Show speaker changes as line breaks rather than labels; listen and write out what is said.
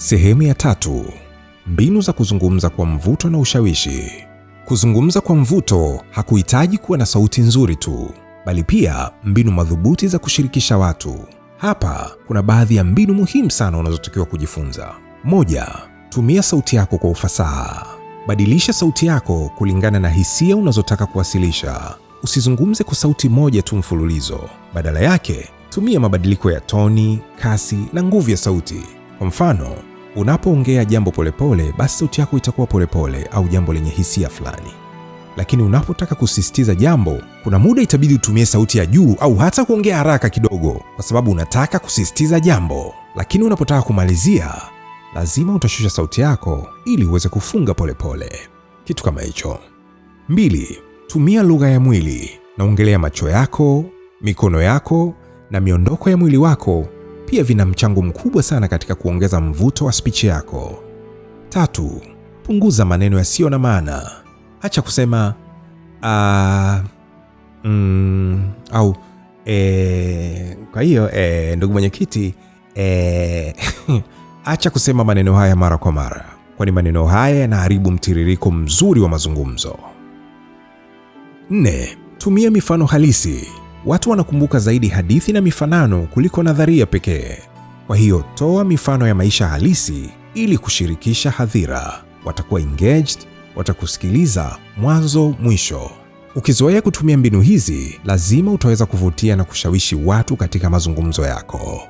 Sehemu ya tatu: mbinu za kuzungumza kwa mvuto na ushawishi. Kuzungumza kwa mvuto hakuhitaji kuwa na sauti nzuri tu, bali pia mbinu madhubuti za kushirikisha watu. Hapa kuna baadhi ya mbinu muhimu sana unazotakiwa kujifunza. Moja, tumia sauti yako kwa ufasaha. Badilisha sauti yako kulingana na hisia unazotaka kuwasilisha. Usizungumze kwa sauti moja tu mfululizo. Badala yake, tumia mabadiliko ya toni, kasi na nguvu ya sauti. Kwa mfano, Unapoongea jambo polepole, basi sauti yako itakuwa polepole au jambo lenye hisia fulani, lakini unapotaka kusisitiza jambo, kuna muda itabidi utumie sauti ya juu au hata kuongea haraka kidogo, kwa sababu unataka kusisitiza jambo. Lakini unapotaka kumalizia, lazima utashusha sauti yako ili uweze kufunga polepole pole. Kitu kama hicho. Mbili, tumia lugha ya mwili. Naongelea macho yako, mikono yako na miondoko ya mwili wako pia vina mchango mkubwa sana katika kuongeza mvuto wa spichi yako. Tatu, punguza maneno yasiyo na maana. Acha kusema a, ah, mm, au e, kwa hiyo e, ndugu mwenyekiti e, acha kusema maneno haya mara kwa mara, kwani maneno haya yanaharibu mtiririko mzuri wa mazungumzo. Nne, tumia mifano halisi. Watu wanakumbuka zaidi hadithi na mifanano kuliko nadharia pekee. Kwa hiyo toa mifano ya maisha halisi ili kushirikisha hadhira. Watakuwa engaged, watakusikiliza mwanzo mwisho. Ukizoea kutumia mbinu hizi, lazima utaweza kuvutia na kushawishi watu katika mazungumzo yako.